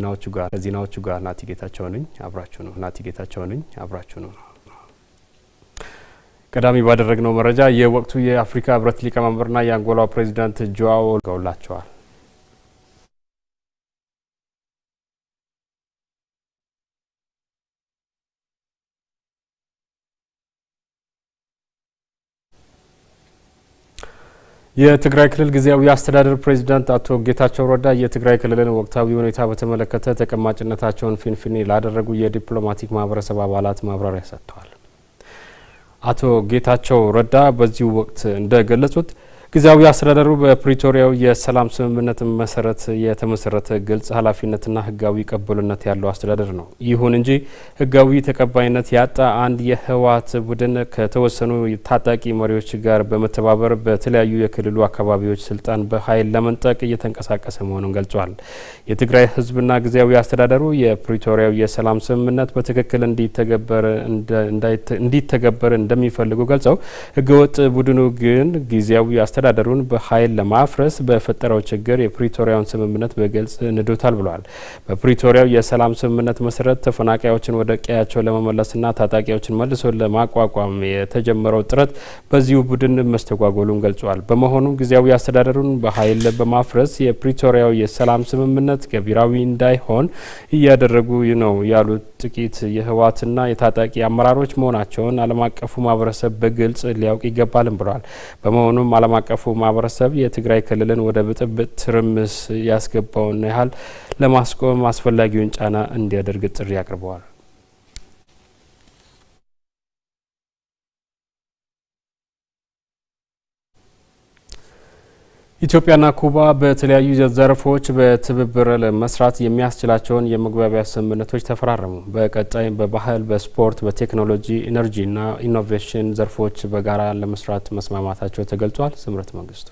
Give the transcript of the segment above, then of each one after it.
ከዜናዎቹ ጋር ከዜናዎቹ ጋር ናቲ ጌታቸው ነኝ። አብራችሁ ነው ናቲ ጌታቸው ነኝ። አብራችሁ ነው። ቀዳሚ ባደረግነው መረጃ የወቅቱ የአፍሪካ ህብረት ሊቀመንበርና የአንጎላው ፕሬዚዳንት ጆዋው ገውላቸዋል። የትግራይ ክልል ጊዜያዊ አስተዳደር ፕሬዚዳንት አቶ ጌታቸው ረዳ የትግራይ ክልልን ወቅታዊ ሁኔታ በተመለከተ ተቀማጭነታቸውን ፊንፊኔ ላደረጉ የዲፕሎማቲክ ማህበረሰብ አባላት ማብራሪያ ሰጥተዋል። አቶ ጌታቸው ረዳ በዚሁ ወቅት እንደገለጹት ጊዜያዊ አስተዳደሩ በፕሪቶሪያው የሰላም ስምምነት መሰረት የተመሰረተ ግልጽ ኃላፊነትና ህጋዊ ቅቡልነት ያለው አስተዳደር ነው። ይሁን እንጂ ህጋዊ ተቀባይነት ያጣ አንድ የህወሓት ቡድን ከተወሰኑ ታጣቂ መሪዎች ጋር በመተባበር በተለያዩ የክልሉ አካባቢዎች ስልጣን በኃይል ለመንጠቅ እየተንቀሳቀሰ መሆኑን ገልጿል። የትግራይ ህዝብና ጊዜያዊ አስተዳደሩ የፕሪቶሪያው የሰላም ስምምነት በትክክል እንዲተገበር እንደሚፈልጉ ገልጸው ህገወጥ ቡድኑ ግን ጊዜያዊ አስተዳደሩን በኃይል ለማፍረስ በፈጠረው ችግር የፕሪቶሪያውን ስምምነት በግልጽ ንዶታል ብሏል። በፕሪቶሪያው የሰላም ስምምነት መሰረት ተፈናቃዮችን ወደ ቀያቸው ለመመለስና ታጣቂዎችን መልሶ ለማቋቋም የተጀመረው ጥረት በዚሁ ቡድን መስተጓጎሉን ገልጿል። በመሆኑም ጊዜያዊ አስተዳደሩን በኃይል በማፍረስ የፕሪቶሪያው የሰላም ስምምነት ገቢራዊ እንዳይሆን እያደረጉ ነው ያሉት ጥቂት የህወሓትና የታጣቂ አመራሮች መሆናቸውን ዓለም አቀፉ ማህበረሰብ በግልጽ ሊያውቅ ይገባልም ብለዋል። በመሆኑም ዓለም አቀፉ ማህበረሰብ የትግራይ ክልልን ወደ ብጥብጥ ትርምስ ያስገባውን ያህል ለማስቆም አስፈላጊውን ጫና እንዲያደርግ ጥሪ አቅርበዋል። ኢትዮጵያና ኩባ በተለያዩ ዘርፎች በትብብር ለመስራት የሚያስችላቸውን የመግባቢያ ስምምነቶች ተፈራረሙ። በቀጣይም በባህል፣ በስፖርት፣ በቴክኖሎጂ፣ ኢነርጂና ኢኖቬሽን ዘርፎች በጋራ ለመስራት መስማማታቸው ተገልጿል። ስምረት መንግስቱ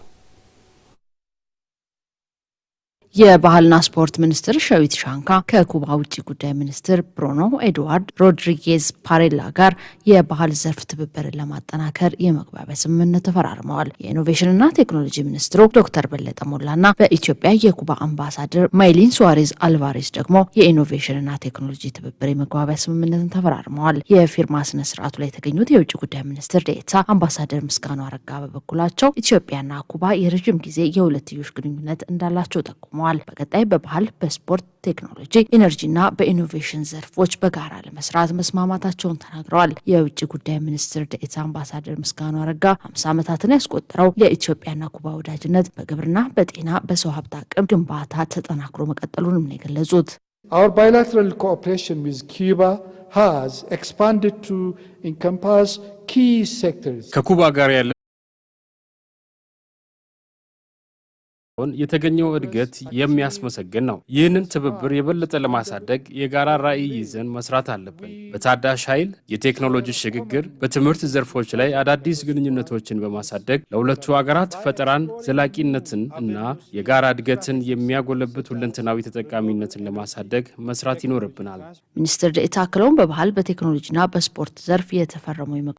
የባህልና ስፖርት ሚኒስትር ሸዊት ሻንካ ከኩባ ውጭ ጉዳይ ሚኒስትር ብሩኖ ኤድዋርድ ሮድሪጌዝ ፓሬላ ጋር የባህል ዘርፍ ትብብርን ለማጠናከር የመግባቢያ ስምምነት ተፈራርመዋል። የኢኖቬሽንና ቴክኖሎጂ ሚኒስትሩ ዶክተር በለጠ ሞላና በኢትዮጵያ የኩባ አምባሳደር ማይሊን ሱዋሬዝ አልቫሬዝ ደግሞ የኢኖቬሽንና ቴክኖሎጂ ትብብር የመግባቢያ ስምምነትን ተፈራርመዋል። የፊርማ ስነ ስርዓቱ ላይ የተገኙት የውጭ ጉዳይ ሚኒስትር ዴኤታ አምባሳደር ምስጋኑ አረጋ በበኩላቸው ኢትዮጵያና ኩባ የረዥም ጊዜ የሁለትዮሽ ግንኙነት እንዳላቸው ጠቁሟል። ተጠቅመዋል። በቀጣይ በባህል፣ በስፖርት፣ ቴክኖሎጂ፣ ኢነርጂና በኢኖቬሽን ዘርፎች በጋራ ለመስራት መስማማታቸውን ተናግረዋል። የውጭ ጉዳይ ሚኒስትር ደኤታ አምባሳደር ምስጋኑ አረጋ ሀምሳ ዓመታትን ያስቆጠረው የኢትዮጵያና ኩባ ወዳጅነት በግብርና፣ በጤና፣ በሰው ሀብት አቅም ግንባታ ተጠናክሮ መቀጠሉንም ነው የገለጹት። Our bilateral cooperation with Cuba has expanded to encompass ከኩባ ጋር ያለ የተገኘው እድገት የሚያስመሰግን ነው። ይህንን ትብብር የበለጠ ለማሳደግ የጋራ ራዕይ ይዘን መስራት አለብን። በታዳሽ ኃይል፣ የቴክኖሎጂ ሽግግር፣ በትምህርት ዘርፎች ላይ አዳዲስ ግንኙነቶችን በማሳደግ ለሁለቱ ሀገራት ፈጠራን፣ ዘላቂነትን እና የጋራ እድገትን የሚያጎለብት ሁለንተናዊ ተጠቃሚነትን ለማሳደግ መስራት ይኖርብናል። ሚኒስትር ደኤታ አክለውም በባህል በቴክኖሎጂና በስፖርት ዘርፍ የተፈረሙ